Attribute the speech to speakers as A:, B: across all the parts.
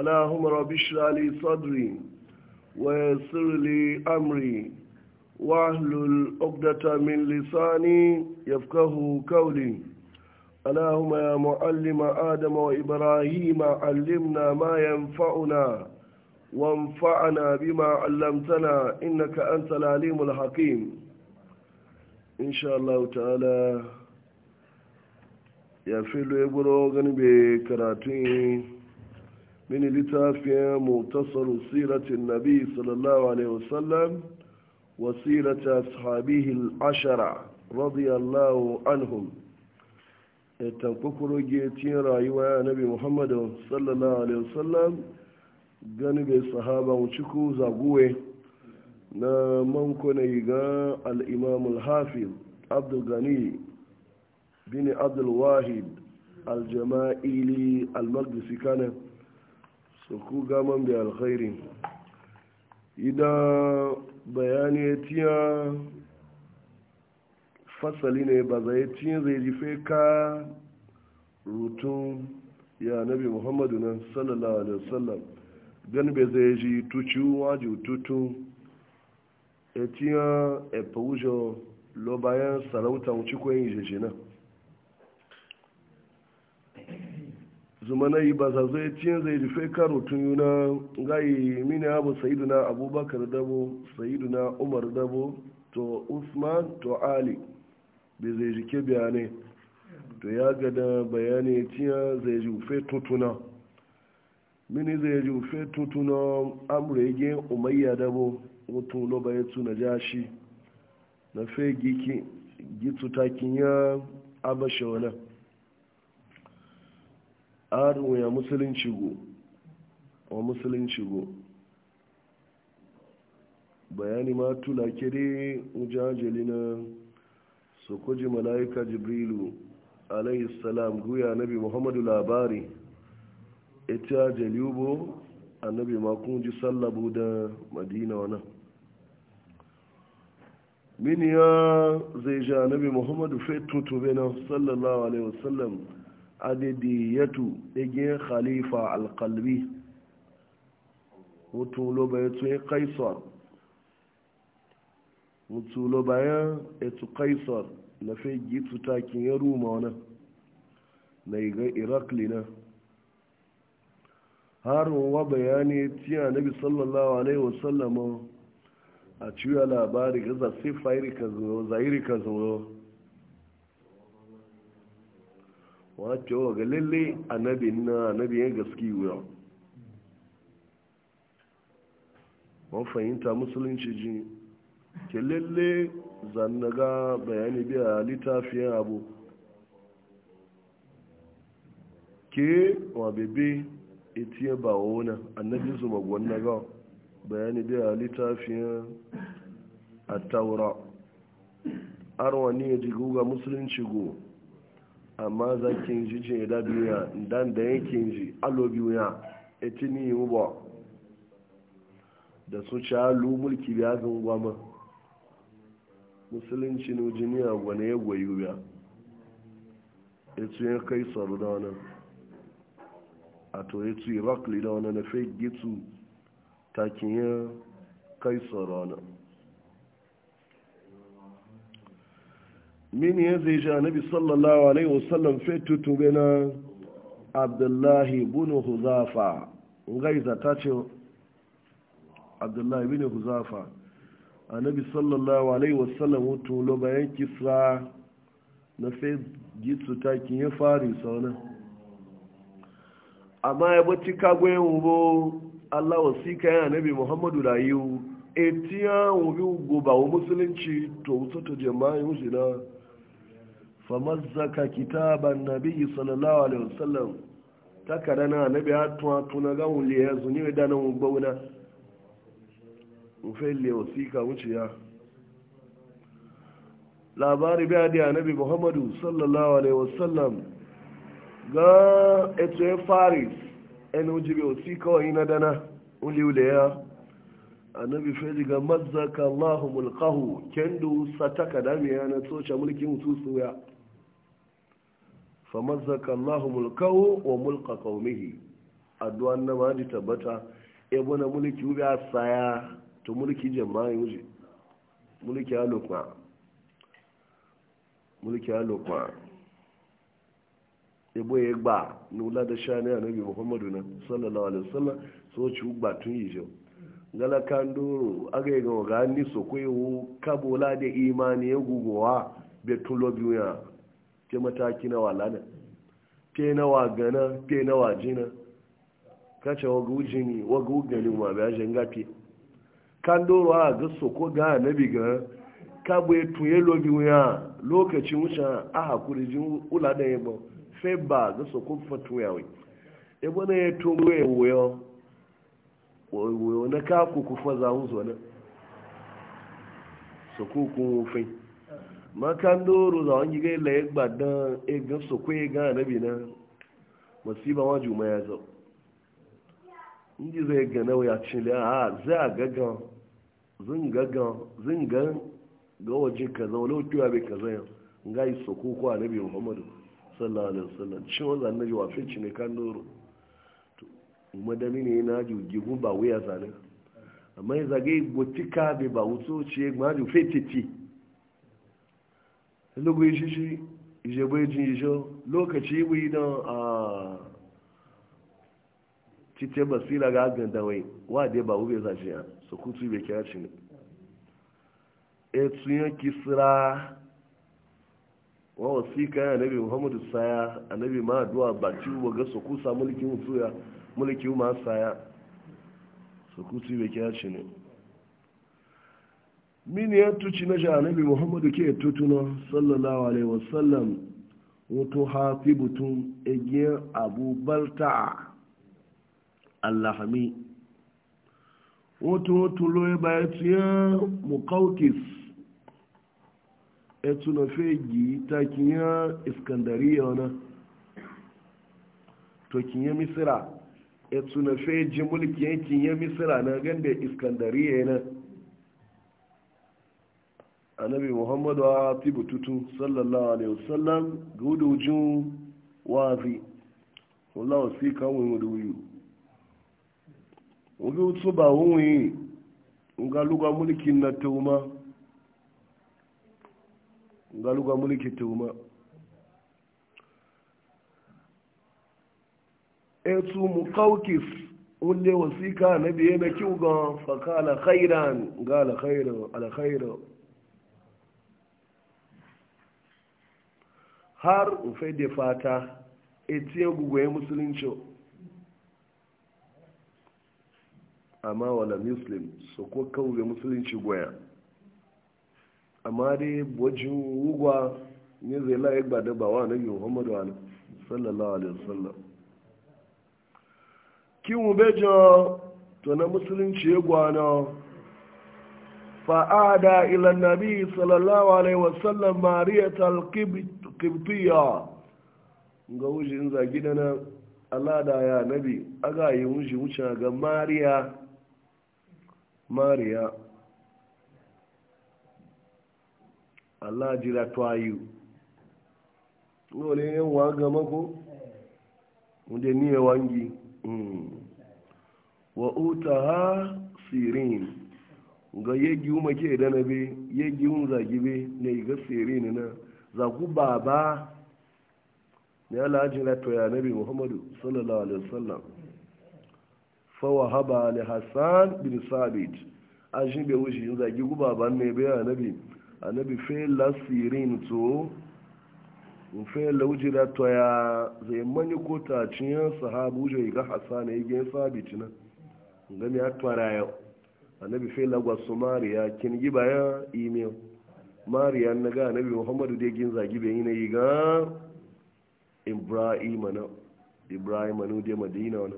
A: اللهم رب اشرح لي صدري ويسر لي امري واحلل عقدة من لساني يفقه قولي اللهم يا معلم ادم وابراهيم علمنا ما ينفعنا وانفعنا بما علمتنا انك انت العليم الحكيم ان شاء الله تعالى يا فيلو يبرو غنبي كراتين mini littafin mutasaru siratin nabi sallallahu alaihi wasallam wasirata sahabihi ashara radiyallahu anhum etan kukuru getin rayuwa ya nabi muhammadu sallallahu alaihi wasallam gani bai sahaba wuciku zaguwe na man na yiga al'imam al-hafiz abdulgani bin abdulwahid al-jama'ili al-mardisi kanan ku gaman bi alkhairi idan bayani ya tiya fasali ne ba zai tiya zai jife ka rutun ya nabi muhammadu nan sallallahu alaihi wasallam gan be zai ji tucu waju tutu etiyan epawujo lo bayan sarauta wuci kwayin jeje na. zumana yi ba sa zai cin zai rufe karo tun yuna gayi mini abu sayiduna abubakar dabo sayiduna umar dabo to usman to ali bai zai jike bayanai to ya gada bayani cinya zai ji ufe tutuna mini zai ji ufe tutuna gi umayya dabo mutum loba ya tuna jashi na fe giki gitu takin ya abashe wani Adu ya musulunci go wa musulunci go bayani ma tula kiri mujajali na kuji mala'ika jibrilu alayhi salam guya nabi muhammadu labari ita jaliubo annabi makon ji sallabu da madina wana Min ya zai ja nabi muhammadu fetutu tube na sallallahu alaihi wasallam adidiyatu igin khalifa alkalbi mutulo bayan tun e kaisar mutulo bayan etu kaisar na fi gitu takin ya ruma wani na iga irakli na harin wa bayani tiya nabi sallallahu alaihi wasallama a ciwo labari ga zafi fa'irika zuwa zairika zuwa cewa ga lalle annabi na annabi ya gaski wuya mun fahimta musulunci ji ke lalle zannaga bayani biya littafiyan abu ke wa bebe itiye ba wona annabi su magwanna ga bayani biya littafiyan a taura arwani ya ji guga musulunci go amma za kinji ce da duniya dan da ya kinji alo duniya eti ni yi da su ci alu mulki biya gan gwama musulunci ne jiniya gwane ya goyi biya etu ya kai tsaro da wani a to etu irakli da wani na fai gitu takin ya kai tsaro na mini ya zai ja nabi sallallahu alaihi wasallam fetu tube na abdullahi bunu huzafa gaiza ta ce abdullahi bin huzafa a nabi sallallahu alaihi wasallam hutu lo bayan kisra na fai gitsu takin ya fari sauna amma ya bacci kagwayen wubo allah wasika yana nabi muhammadu rayu etiya wubi goba wa musulunci to wuce to jama'a musulunci famazzaka kitaban nabi sallallahu alaihi wasallam takara na nabi hatuwa tuna ga wule ya zuni da nan bauna mufelle wasika wuciya labari bai da nabi muhammadu sallallahu alaihi wasallam ga eto ya faris en ujibe wasika wa ina dana wule wule ya annabi feli ga mazaka Allahu qahu kendo sataka da mai yana tsoce mulkin mutu suya famazzaka Allah mulkahu wa mulka qaumihi addu'a na ma ji tabbata e bona mulki uga saya to mulki jama'i uji mulki alokwa mulki alokwa e boye gba ni ula da shani annabi Muhammadu na sallallahu alaihi wasallam so ci gba tun yi jo gala kan doro aga ga ga ni so koyo kabola da imani ya gugowa betun lobiya ke mataki na walana ke na wagana ke na wajina kace wagu jini wagu gani ma ba jan gafi kan doro a ga soko ga nabi ga ka bwe tuye lobi wuya lokaci musa a hakuri jin ula da ba fe ba ga soko fatu e ya wi e bona ya tungo ya wuyo wuyo na ka ku ku faza zo na soko ku fai makan doro za wani gba laye gbadan egan su kwaye gan rabi na masiba wa juma ya zau inji zai gana ya cile a za a gaggan zan ga kaza kaza ya nga sallallahu alaihi wasallam wa fi kan doro ne na ba amma gotika ba ma fetiti lugu ishishi ije bai jin ijo lokaci bai don a cike basira ga agan dawai ba ube ya kutu bai kira shi ne etu yanki sira wasika ya nabi muhammadu saya annabi ma addu'a ba ci wa ga su mulkin mulkin ma saya su bai kira shi ne mini ya tuci na janabi muhammadu ke tutuna sallallahu alaihi wasallam wato hafi butun igiyar abubalta allahami wato wato loye bayan tiya mukaukis etu na fegi ta kinya iskandariya wana to kinya misira etu na feji mulki yankin ya misira na ganda iskandariya na. annabi muhammadu a tibututu sallallahu alaihi wasallam gudujin wazi wallahu si kawon wuduyu wudu su ba wunwi ga luga mulkin na tauma ga luga mulkin tauma etu mukaukis wunde wasika na biye na kiwuga fakala khairan ga alkhairu alkhairu har ufe da fata etiye gugoye musulunci amma wala muslim su ko kawuga musulunci goya amma dai wajen wugwa ne zai laye ba da bawa na yi muhammadu ala sallallahu alaihi wasallam ki mu bejo to na musulunci ya e gwana fa'ada ila nabi sallallahu alaihi wasallam mariyatul qibط kibtiya ga wujin zagi da nan Allah da ya nabi aga yi wujin wucin ga mariya mariya Allah jira twayu lole yin wa ga mako wunde ni ya wangi hmm. wa uta ha sirin ga yegi umake da nabe yegi un zagi be ne ga sirin na zagu baba ne alhaji na toya nabi muhammadu sallallahu alaihi wasallam fawa haba ne hassan bin sabit a shi bai wuce zagi guba ba ne bai a anabi fela lasirin to fela lauji da toya zai mani ko taciyan sahabu wuce ga hassan ya gina sabit na gami ya atwara yau anabi fela gwasumari ya kin gibaya email mariya na ga nabi muhammadu da gin zagi bai yi na yi ga ibrahim na ibrahim na da madina wani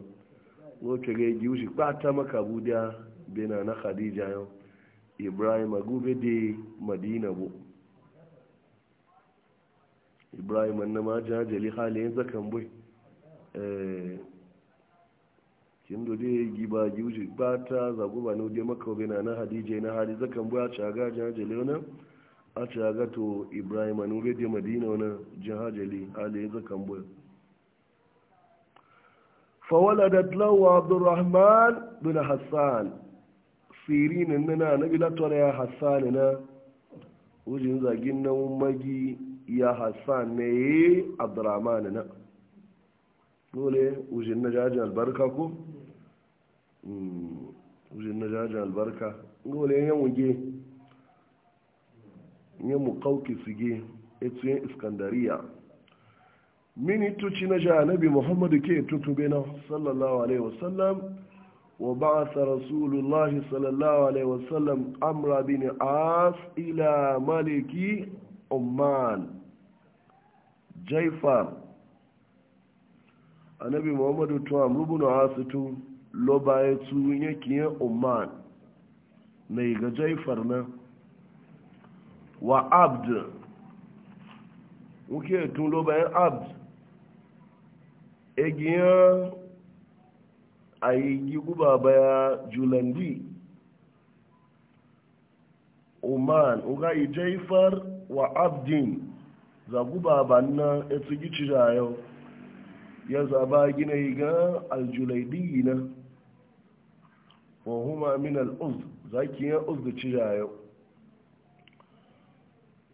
A: wace ga yi wuce kwata maka budiya bina na khadija yau ibrahim a gube da madina bu ibrahim na ma jajali halayen zakan bai eh, kin do dai giba giuji bata zaguba no dai maka bena na hadije na hadi zakan buya caga jajali wannan a ce ga ibrahim a nube da madina wani jihajali ali ya zakan boye fawala da tlawa abdurrahman bin hassan sirinin nuna na bilatar ya hassan na wujin zagin na magi ya hassan ne yi abdurrahman na dole wujin na jajin albarka ko? Hmm, wujin na jajin albarka dole yan wuge nye mu kauki sige etu yin iskandariya mini tuci na janabi muhammadu ke tuntube na sallallahu alaihi wasallam wa sa rasulullahi sallallahu alaihi wasallam amra bin as ila maliki umman jaifar anabi muhammadu to amrubu na asitu lo ya tu yake umman na ga jaifar na wa abd wuke tun lo bayan abd egiyan a yi giguba baya julandi oman uga ijaifar wa abdin zaguba banna etu gici yau ya zaba gina yi ga aljulaidi na wa huma min al'uz zakiyan uz da ci yau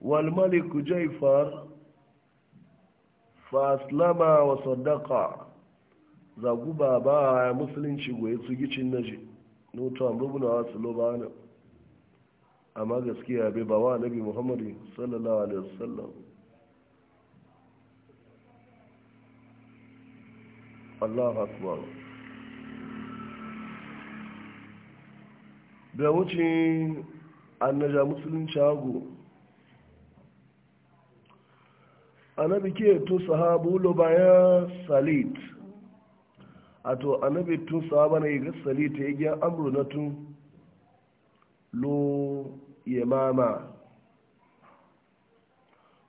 A: والملك جيفر فأسلم وصدق zagu baba ya musulunci goye su naji nuto amrubuna wasu lobana amma gaskiya bai ba wa nabi muhammadu sallallahu alaihi wasallam allah akbar bai annaja musulunci hagu anabi ke to sahabu lo baya salit a to anabi tun sahaba na ga salit ya gya amuru na tun lo yamama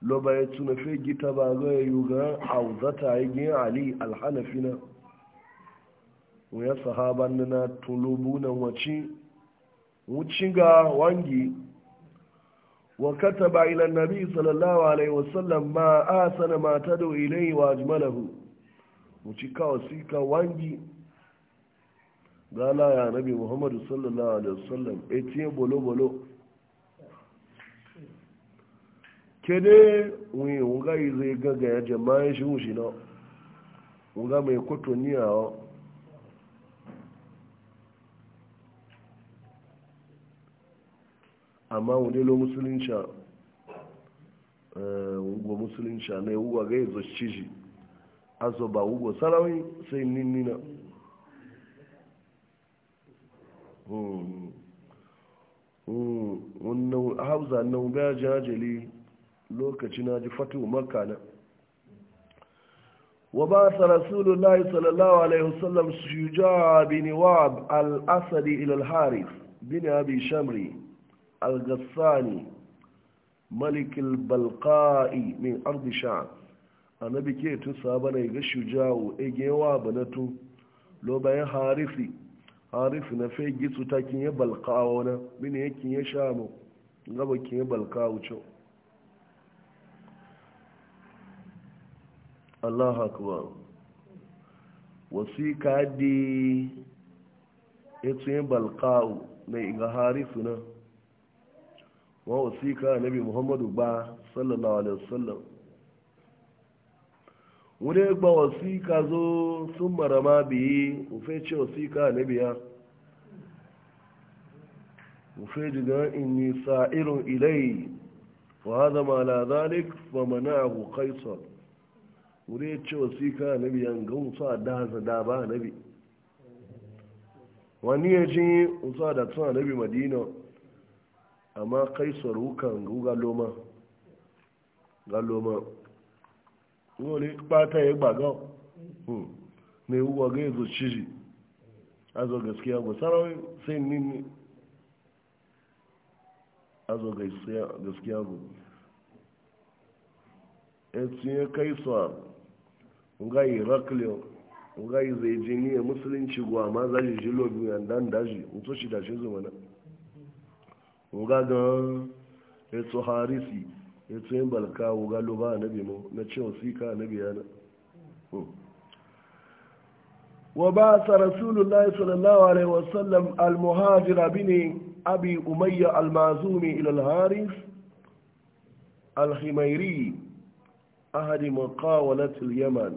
A: lo bayan tuna fe gita ba ga yi ga auzata ya gya ali alhanafi na wuya sahaban na tulubu na wacin wucin ga wangi وكتب إلى النبي صلى الله عليه وسلم ما آسن ما تدعو إليه وأجمله مشيكا وسيكا وانجي قال يا نبي محمد صلى الله عليه وسلم اتين بولو بولو kede wi wunga ize gaga ya jama'a shi wushi na wunga mai kwato niyawa amma mu nilo musulunci eh, ugbo musulunci na ewuwa ga shi, a zo ba ugbo sarawin sai nini na hauza hmm. hmm. na ga jajeli lokaci na ji fatihu maka na wa ba sa rasulullahi sallallahu alaihi wasallam shuja bin wa al-asadi ila al-harith bin abi shamri al-ghassani malik al-balqa'i min ardi sha'ab annabi ke tun saba ne ga shujawo egewa banatu lo bayan harisi harisi na fai gitsu ta kinye balqawo na mini ya kinye shamu gaba kinye balqawo cho Allah akbar wasika di etu yin balqawo na ga harisi na wa wasika nabi muhammadu ba sallallahu alaihi wasallam wuri gba wasika zo sun marama biyi ufe ce wasika nabi ya ufe jiga inni sa'irun ilai wa haza ma la zalik fa mana'ahu qaisar wuri ce wasika nabi ya ga musa da da ba nabi wani ya ji musa da tsan nabi madina amma kaisar wukan ga loma ga loma wani kpata ya gbaga na hmm. huwa ga yanzu ciji a zo gaskiya ba sarawai sai nini a zo gaskiya ba etinye kaisar nga iraklio nga zai jini ya musulunci guwa ma zaji jilo biyu yandan daji mutu shi da shi zuma na wuga ga ya tso harisi ya tso yin balka wuga loba a nabi na ce Sika na a hmm. nabi wa ba a tsara sulun na yasa da lawarai wasallam almuhajira bi ne abi umayya almazumi ilal haris alhimairi ahadi makawalat yaman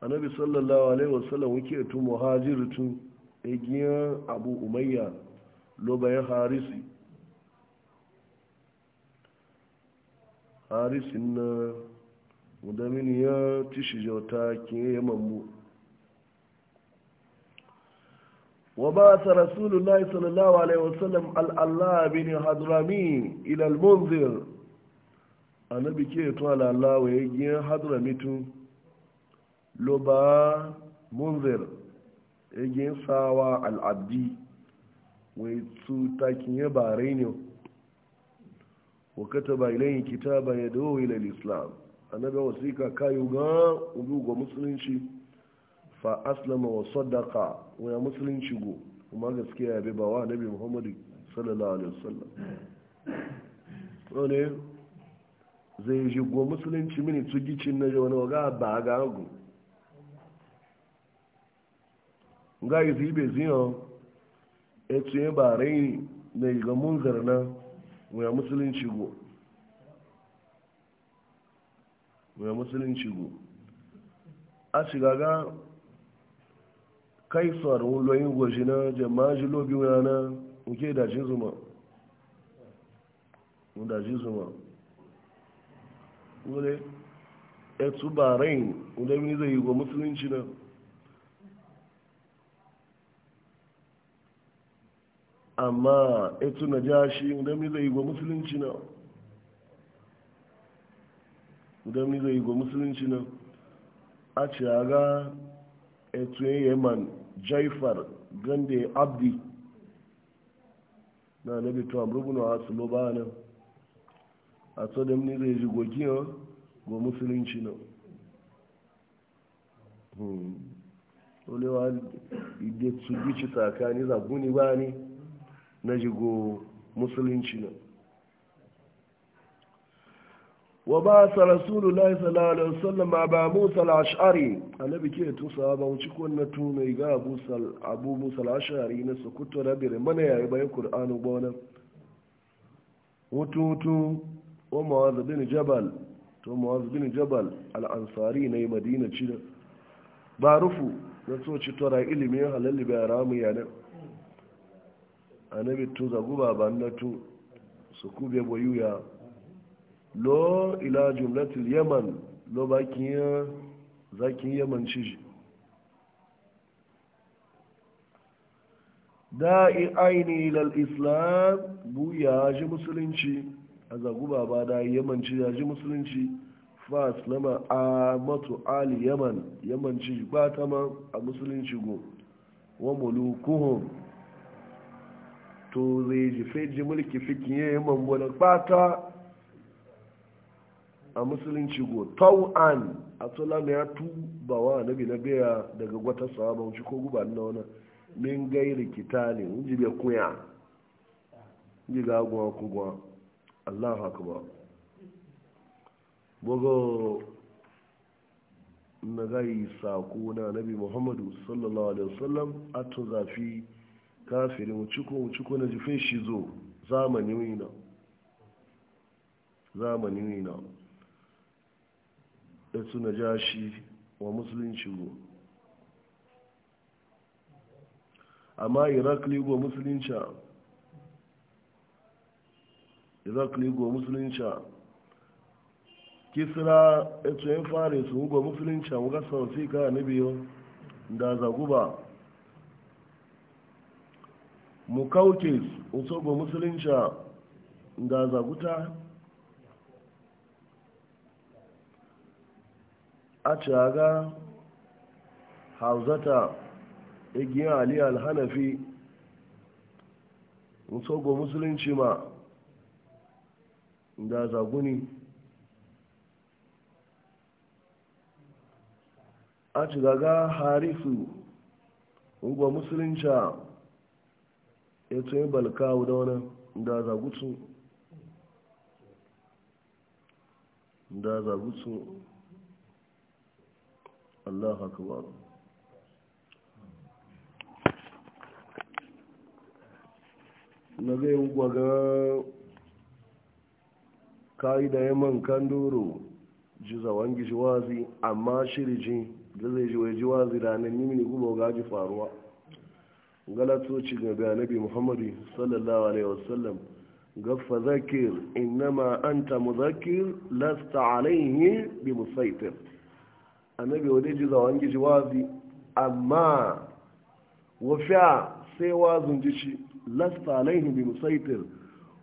A: a nabi sallallahu alaihi wasallam wuke tu muhajiru tun. igiyar abu umayya lobayen harisi harisi na mudamini ya tishi jauta ke ya mambo wa ba ta rasulullahi sallallahu alaihi wasallam al'allah bin hadurami ilal a na bikin to al'allah wa ya gina hadurami tun lo ba munzir egin sawa al'abdi wai su takin ya barai ne wa kita ba kitaba yad'u ila al-islam annabi wasika kayu ga ubu ga musulunci fa aslama wa sadaqa wa ya musulunci go kuma gaskiya ya bi ba wa annabi muhammad sallallahu alaihi wasallam wani zai ji go musulunci mini tsugicin na wani ga ba ga agu nga izi ibe ziyo etu yin ba rai na iga munzar na wuya musulunci go wuya musulunci go a shiga ga kaisar wuloyin gwaji na jama'a ji lobi wuya na nke da shi zuma da shi zuma wule etu ba rai wule mini zai yi go musulunci na amma etu na ja shi mi zai gwa musulunci na mi zai gwa musulunci na a ce a ga etu yin yaman jaifar gande abdi na nabi tuwa amurbu na wasu lo ba nan a to da mi zai ji gwa kiyo gwa musulunci na hmm. olewa idetu gici tsakani zaguni ba ne na jigo musulunci nan wa ba sa rasulullahi sallallahu alaihi wasallam ba musa al-ash'ari annabi ke tun sahaba wuci ko na tuna ga abu sal abu musa al-ash'ari na sukutu rabir mana yayi bayan qur'anu ba wannan wututu wa mu'adh bin jabal to mu'adh bin jabal al-ansari ne madina ci da barufu na so ci tora ilimin halalli bai ramu yanar anabi tun zagu baban na tu su kube ya lo ila jumlatul yaman lo bakin zakin yaman shi da'i aini ila islam bu ya ji musulunci a zagu ba da shi ya ji musulunci fa aslama a matu ali yaman shi ba ta ma a musulunci go wa mulukuhum to feji mulki fikin ya yi a musulunci go tau'an a tsola na ya tu wa nabi na biya daga gwata sahaba wuce ko guba na wani min gairi kitali ji bai kuya ji ga agwa kugwa allahu akbar bugo na gai sako na nabi muhammadu sallallahu alaihi wasallam a to zafi kafiri wuciko wuciko na jifin shi zo zamani wina zamani wina da su ja shi wa musulunci go amma irakli go musulunci irakli go musulunci kisra etu yin fare su go musulunci mu ga sauti ka nabiyo da zaguba mukaukis usobo musulunci ga zaguta a caga harzata igiyar ali alhanafi nsogbu musulunci ma ga zaguni a caga harisu ugbo musulunci ya tuni balkawu da wani da zagutsu da zagutsu allah akbar na zai gwaga kayi da yaman kan doro ji zawon gishi wazi amma shiriji da zai ji wai ji wazi da nan nimini kuma ga ji faruwa galatoci ga ganabi muhammadu sallallahu alaihi wasallam gaffa zakir an anta zakir lasta alaihi bi musaitir annabi wadai ji zawon gishi wazi amma wafiya sai wazin shi, lasta alaihi bi musaitir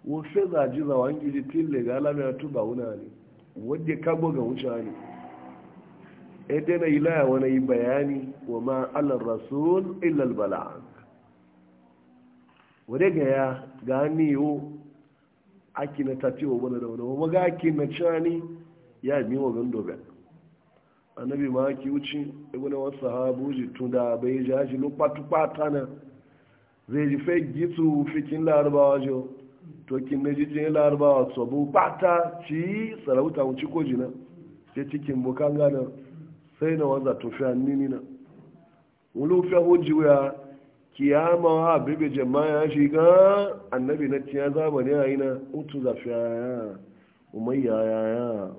A: wafi za ji zawon gishi tille ga alamiyar tuba wuna ne wadda ka ga wuce ne edena ilaya wani bayani wa ma rasul illal bala'an wadda ga ya ga ni aki na tafi wa wani da wani wa ga aki na cani ya mi wa gando bai annabi ma aki wuce ibn wasu sahabu ji tun da bai ji haji lo pata na zai ji fai gitu fikin larabawa jo to na jijin larabawa sabu pata ci sarauta wuce ko jina sai cikin na. gana sai na wanza to nini na wani fiya hoji kiyama wa bebe jama'a shiga annabi na ciya zamani a yi na utu zafi ya umayya ya?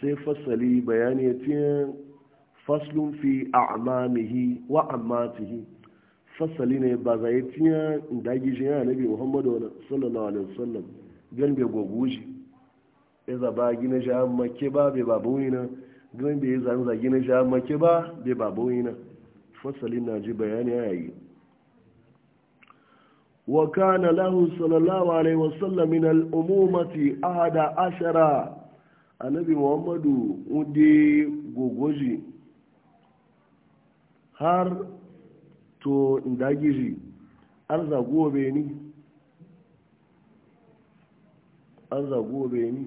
A: sai fasali bayani ya tiya faslun fi a'mamihi wa amatihi fasali ne ba za ya tiya dagi shi ya annabi muhammadu sallallahu alaihi wasallam gan bai goguji ya zaba gina shi ke ba bai babu wina gan bai zanza gina shi ke ba bai babu wina fasalin na ji bayani ya yi wa kana lahu sallallahu alaihi wasallam min al-umumati ahada ashara annabi muhammadu udi gogoji har to ndagiri arza gobe ni arza gobe ni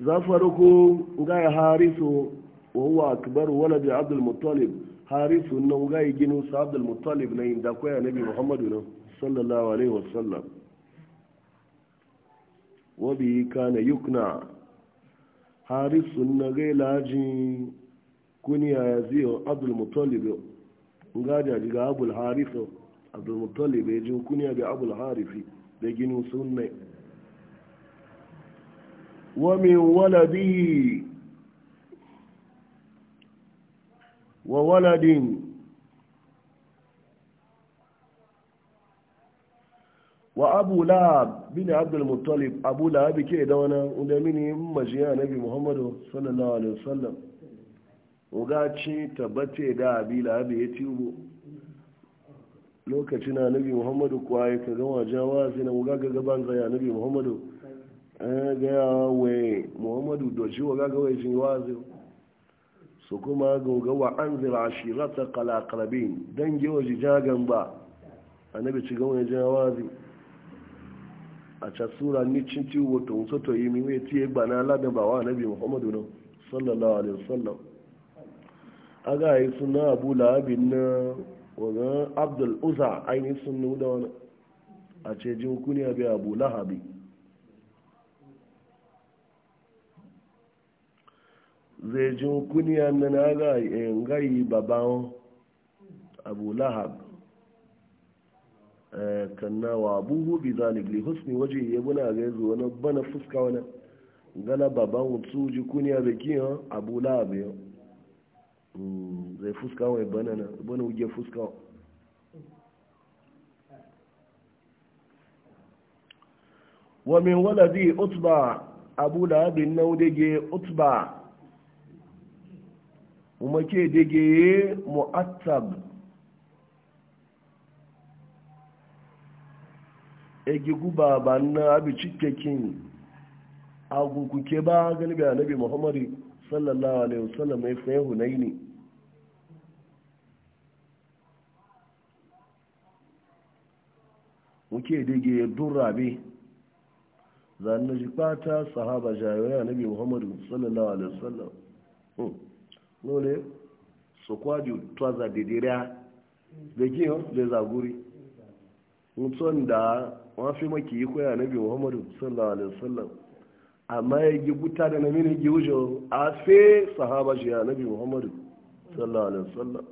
A: za farko ga ya harisu wawa akbar da abdul muttalib harisu nan ga ya ginu sa abdul muttalib na inda koya nabi muhammadu nan sallallahu alaihi wasallam wabi kana yukna harisu na ga lajin kuniya ya ziyo abdul muttalib ga jaji ga abul harisu abdul muttalib ya ji kuniya ga abul Harisi da ginu sunnai ومن ولده وولد وأبو لاب بن عبد المطلب أبو لاب كي دونا ودميني مجيء نبي محمد صلى الله عليه وسلم وغاتشي تبتي دا أبي لاب يتيوب lokacin annabi muhammadu kuwa ya kaga wajen wazi na wuga gaban zai annabi ga wee muhammadu doji wa gaga wai jin wazi su kuma ga wa an zira shirata kalakalabin don yi wa jijagan ba annabi ci gama jin wazi a casura sura ni cin ci wato wuce yi miwe ti ya gbana labin ba wa annabi muhammadu nan sallallahu alaihi wasallam a ga yi suna abu labin na wazan abdul uza ainihin sun nuda wani a ce jin kuniya bai abu lahabi zai ji kuniya na na ga eh, ngayi baban abu lahab eh, kanna wa abubu bi zalik li husni waje ya buna ga yanzu wani bana fuska wani gana baban su ji kuniya da kiyan abu lahab yau hmm, zai fuska wani bana na bana wuge fuska wani ومن abu أتبع أبو na النودج أتبع kuma umake dege mu'attab egi guba ba na abi agugu ke ba gani bi annabi muhammadu sallallahu alaihi wasallam ya fayin hunaini muke dege durrabe zanen jikpata sahaba jayoyi annabi muhammadu sallallahu alaihi wasallam hmm. nole so kwaju twaza didiria bekiyo beza guri mutson da wọn fi maki yi koya nabi muhammadu sallallahu alaihi wasallam amma ya gi buta da namini gi wujo a fe sahaba shi ya nabi muhammadu sallallahu alaihi wasallam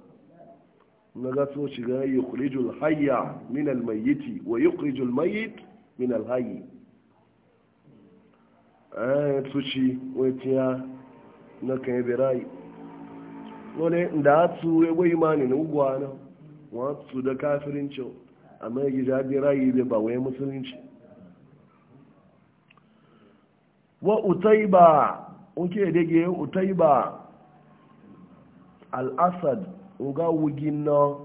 A: na ga so shi ga yukhrijul hayya min al mayyit wa yukhrijul mayyit min al hayy eh tuci wetia na kan birai wani da su ya imani na ugwa na wasu da kafirinci amma ya gida bi rayu da ba wai musulunci wa utaiba unke dage utaiba al assad ga wugin na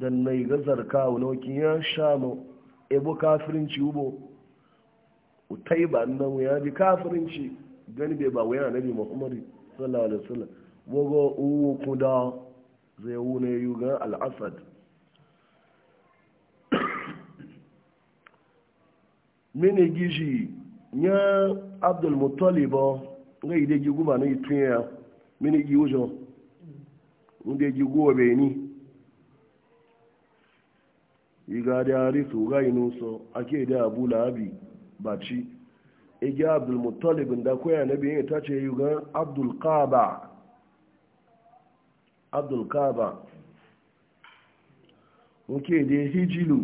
A: da na yi gazar kawo na wakin ya sha mu ebo kafirinci ubo utaiba nan ya ji kafirinci gani bai ba wai na nabi muhammadu sallallahu alaihi wasallam wogo uwu kuda zai wune yugan al'asad mini gishi ya abdul mutaliba nga ide gigu ba na itun ya mini gi wujo nde gigu wa beni iga da harisu ga yi so ake da abu labi baci igi abdul mutalib da koya na biyan ta ce yugan abdul qaba abdul kaba nke da hijilu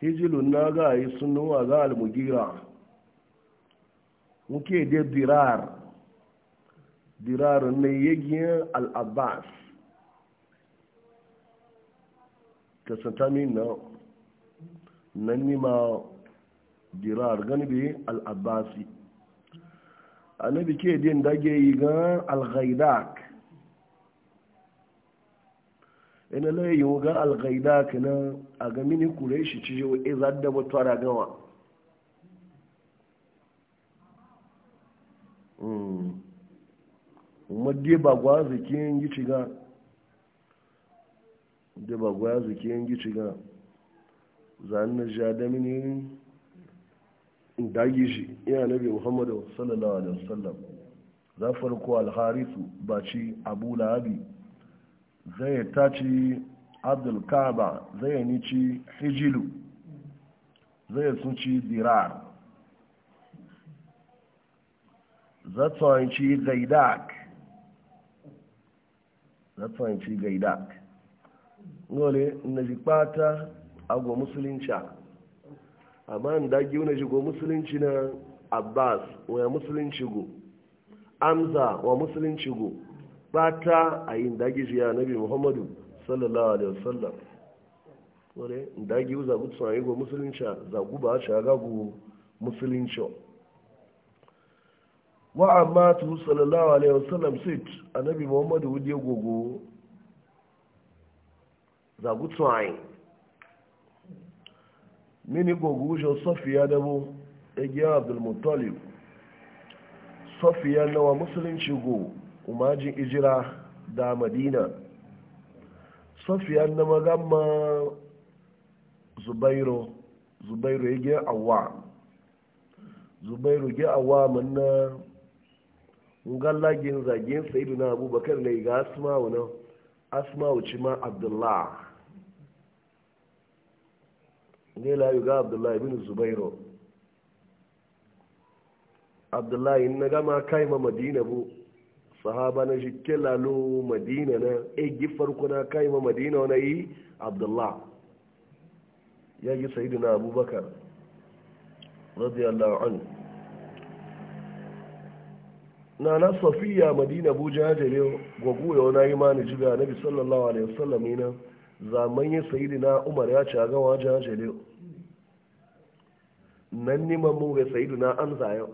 A: hijilu na ga yi sunuwa ga almugira nke da dirar dirar na yagiyar al'abbas ta santamin na nan nima dirar ganibe al'abbasi annabi ke din dage yi ga al-ghaidak ina na yi ga algaida kana a ga mini kure shi ci yi yau e da ba tara gawa mm ba gwa zikin yin gici ga da ba gwa zikin yi ci ga zanna ja da mini dagi shi ina na bi muhammadu sallallahu alaihi wasallam za farko alharisu ba ci abu lahabi zai taci abdul kaba zai nici hijilu zai sun dirar gaidak zatonci gaidak ngole na ji kpata agwa musulunci amma da giwu na shigo musulunci na abbas wa musulunci go amza wa musulunci go bata a yi dagi shi ya nabi muhammadu sallallahu alaihi wasallam wadda dagi zagu tsanyi ga musulunci ku ba shi gu musulunci ma'amatu sallallahu alaihi wasallam sit a nabi muhammadu wudiya gogo zagu tsanyi mini gogo wuce safiya dabo egiyar abdulmuttalib ya nawa musulunci gogo umajin ijira da madina safiyan na magamma zubairu zubairu ya gina awa zubairu gina awa manna ngallagin zagin sa'idu na abubakar ne ga asma'u na asma'u ci ma abdullah ne layu ga abdullah ibn zubairu abdullah na gama kai ma madina bu sahaba na shi kelalo madina na egi eh, farko na kai ma madina wani yi abdullah ya gi sayidu na abubakar radiyallahu an na na safiya madina buja jale gwagu ya wani yi mani jiga na bi sallallahu alaihi wasallam ina zaman yi sayidu na umar ya ci agawa jajale nan neman mun ga sayidu na an zayo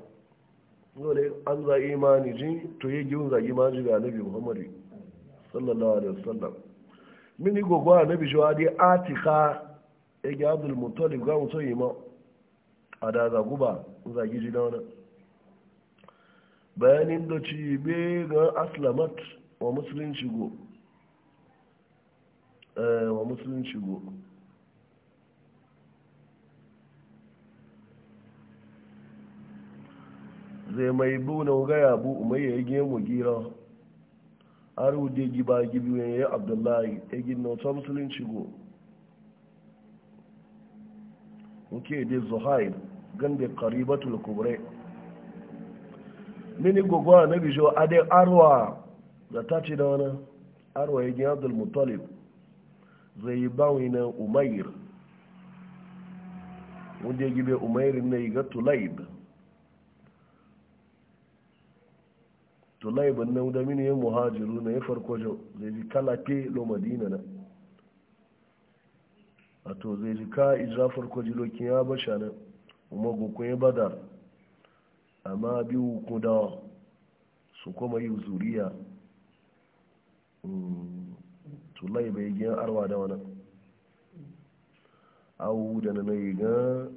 A: dole an za imani ji to yi giun za gima ji ga nabi muhammadu sallallahu alaihi wasallam mini gogo a nabi shawa dai atika ya gi abdul mutalib ga mutum yi ma a da za guba ba zagi ji da wani bayanin da ci be ga aslamat wa musulunci go eh, wa musulunci go zai mai bu na ga ya bu umar ya yi gina mugira har wude giba gibi ya yi abdullahi ya gina wata musulun go nke da zuhair gande karibatul kubre mini gogwa na bijo ade arwa da ta ce da wani arwa ya gina abdul mutalib zai yi bawai na umayir wude gibe Umar na yi ga tulaib to laiban nan da mini ya muhajiru na ya farko jau zai ji kalafe lo madina na a to zai ji ka ijira farko ji lokin ya basha nan kuma gukun ya badar amma biyu ku da su kuma yi zuriya to hmm, laiba yi arwa da wani awu da na yi gan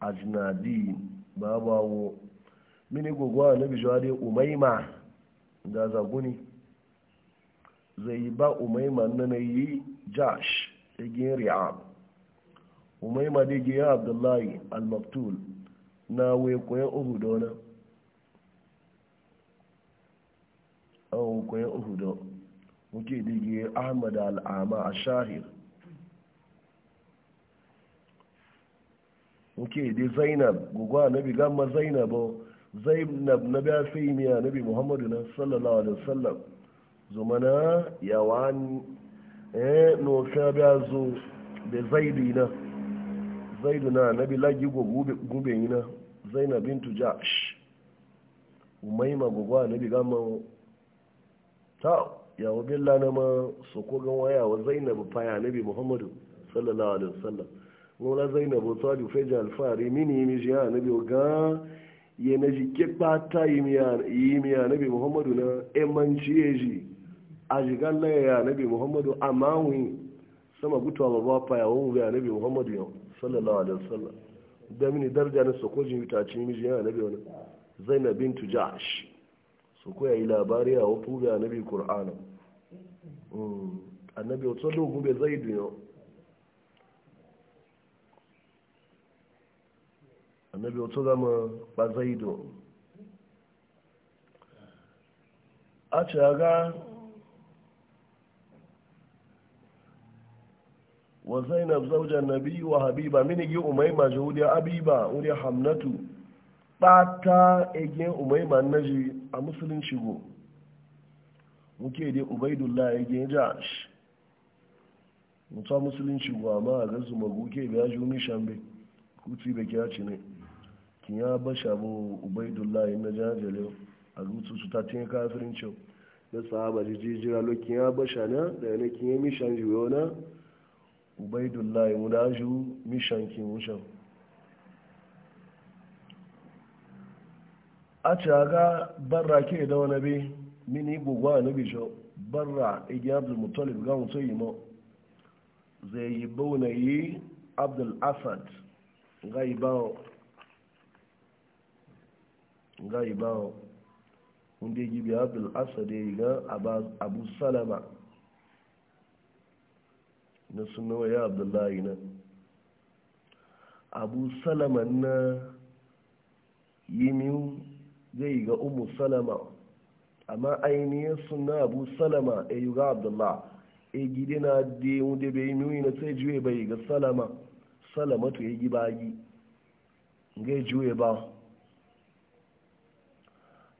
A: ajinadi babawo mini gugwa na bijwari umaima ga zaguni zai ba umaima na yi jash igin ri'ab umaima da giyar abdullahi al-maktul na wai koyan uhudo na an koyan uhudo muke da giyar ahmad al'ama a shahir muke da zainab guguwa na bigan ma Zainabu. zainab na biya fimiya nabi muhammadu na sallallahu alaihi wasallam zumana yawan eh no ka biya zo da zaidu na zaidu na nabi lagi gube yi na zainab bintu jahsh umayma gugwa nabi gama ta yawo billa na ma su ko gan waya wa zainab faya nabi muhammadu sallallahu alaihi wasallam mola zainabu to ali fejal fari mini mi jiya nabi ga ya na ji ke kpata yi miya nabi muhammadu na emanci ya ji a jigan na ya nabi muhammadu a mawi sama gutuwa ba ba fa ya wani ya nabi muhammadu yau sallallahu alaihi wasallam da mini darja na sokojin yuta ci miji ya nabi wani zainab bintu jash su ko ya yi labari a wafu ya nabi qur'ana hmm. annabi wato bai zaidu yau annabi wato zama ba zai do a ce ga wa zainab zaujan nabi wa habiba mini gi umaima jahudiya abiba wuri hamnatu ɓata egin umaima naji a musulun shigo muke dai ubaidullah egin jash mutu musulun shigo amma a gazu magu ke biya jumi shambe kuti bai kira ci ne ya basha bu ubaidullahi na jajalewa a rutu su ta tinye kafirin cewa ya sahaba ji jijira lokin ya basha na da yanakin yi mishan ji wani ubaidullah ya da ju mishan ki mushan a ci aga barra ke da wani bi mini gugwa na bisho barra igi abdul mutalib ga mutu yi ma zai yi bauna yi abdul asad ga yi bawa ga ibawo wanda yi biya abdul asade ga abu salama na sunawa ya abdullahi na abu salama na yi miyu zai ga umu salama amma ainihin suna abu salama a e yi ga abdullahi e gidi na de wunde bai miyu na sai juye bai ga salama salama to ya e gi bagi ga juye ba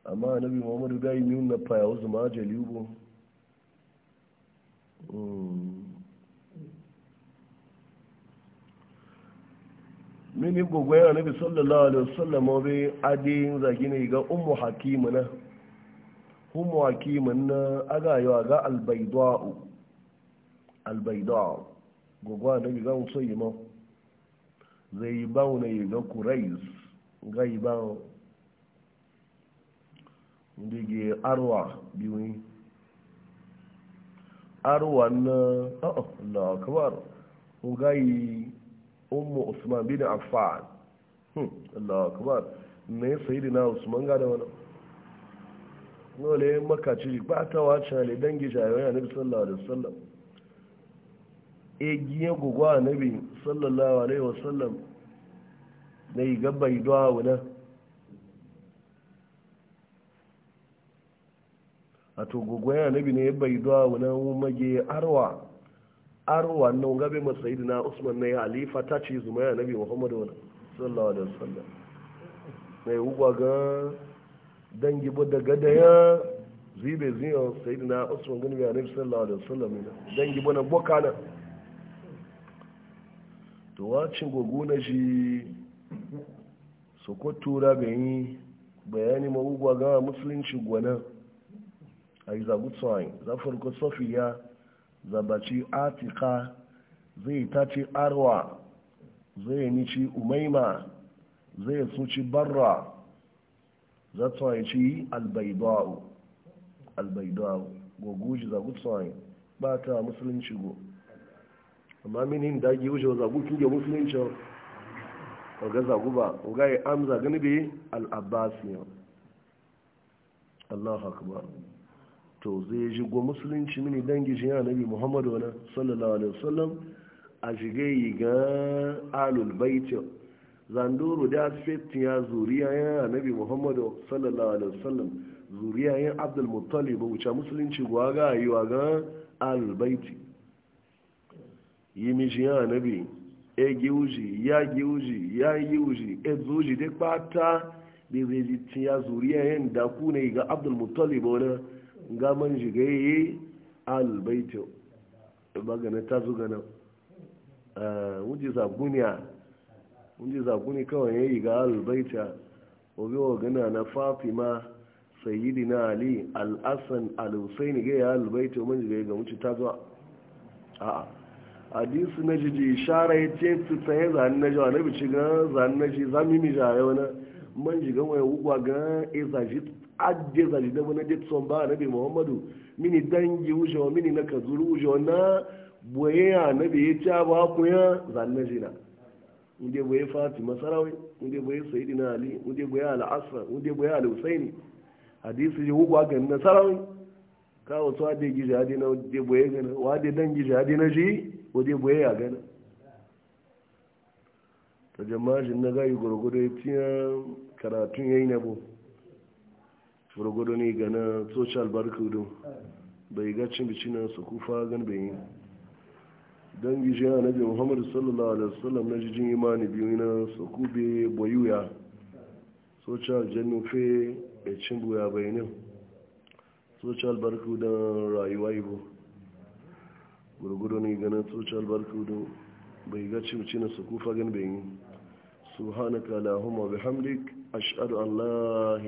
A: amma annabi muhammadu ga yi na faya wasu ma jali ubo hmm. mini gogo yana nabi sallallahu alaihi wasallam wabe adi zagi ne ga umu hakimu na umu hakimu na agayewa yawa ga albaidau albaidau gogo nabi ga musayi ma zai yi bauna yi ga kurais ga yi bauna ndege arwa biyu arwa na oh, oh Allah akbar ugayi ummu usman bin affan hmm Allah akbar ne sayyidina usman ga da wannan dole makaci ba ta wace ne dangi jayoyi annabi sallallahu alaihi wasallam egiye gugwa annabi sallallahu alaihi wasallam gaba gabbai duwa wannan a to gogoya nabi ne bai zuwa wani mage arwa arwa na gabe masayi na usman na ya halifa ta ce zuma ya nabi muhammadu wani sallallahu alaihi na mai hukwa ga dangi bu da gada ya zibe ziyan sayi na usman gani ya nabi sallallahu alaihi wasallam dangi bu na boka na to wacin gogo na shi sokoto bai yi bayani ma hukwa ga musulunci gwanan a yi zagutsuwayi za farko sofiya zabaci atika zai taci arwa zai nici umaima zai suci barra za tsuwayi ci albaidawu albaidawu goguji zagutsuwayi ba ta musulunci go amma minin da ake wuce zagu ga musulunci ga ba ga yi amza gani bai al'abbasiyar Allah akbar. to zai jigo musulunci mini dangi shi nabi muhammadu wani sallallahu alaihi wasallam a yi ga alul baiti zanduru da fetin ya zuriya ya nabi muhammadu sallallahu alaihi wasallam zuriya ya abdul ba wuce musulunci guwa ga wa ga alul yi mishi ya nabi e giuji ya giuji ya giuji e zuji dai kwata da zai ji tiya zuriya yin da ku ne ga abdul ba wani gaman jigayi albaito albaitin bagana ta zugana wuce eh, zaguniya wuce zaguni kawai ya yi ga albaita obi gana na fatima sayyidina ali al'asan al-husaini ga ya albaita man ga wuce ta zuwa a'a hadisi na jiji shara ya ce fita ya zane na jawa na bici ga zane na shi zamimi mi jare na man jigan wani wugwa ga izajit eh, ajeza zali da na ditson ba nabi muhammadu mini dangi wuce wa mini na kazuru wuce wa na boye ya nabi ya ca ba ku ya zanna jina inda boye fatima sarawi inda boye na ali inda boye al'asra asra inda boye al'usaini husaini hadisi ji hukwa ga na sarawi ka su adde gije adde na wade boye gana wa dan dangi hadi na ji wade boye ya gana ta jama'a jin na gayi gurgudu ya tiya karatun yayi na bu furgudu ne ga na social barkudu bai ga cin bici na su kufa gan bai don gishi na nabi muhammadu sallallahu alaihi wasallam na jijin imani biyu na su kube boyuya social jenufe da cin buya bai ne social barkudun rayuwa ibu gurgudu ne ga na social barkudu bai ga cin bici na su kufa gan bai subhanaka allahumma bihamdik ashadu an la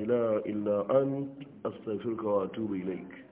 A: ilaha illa an astaghfiruka wa atubu ilaik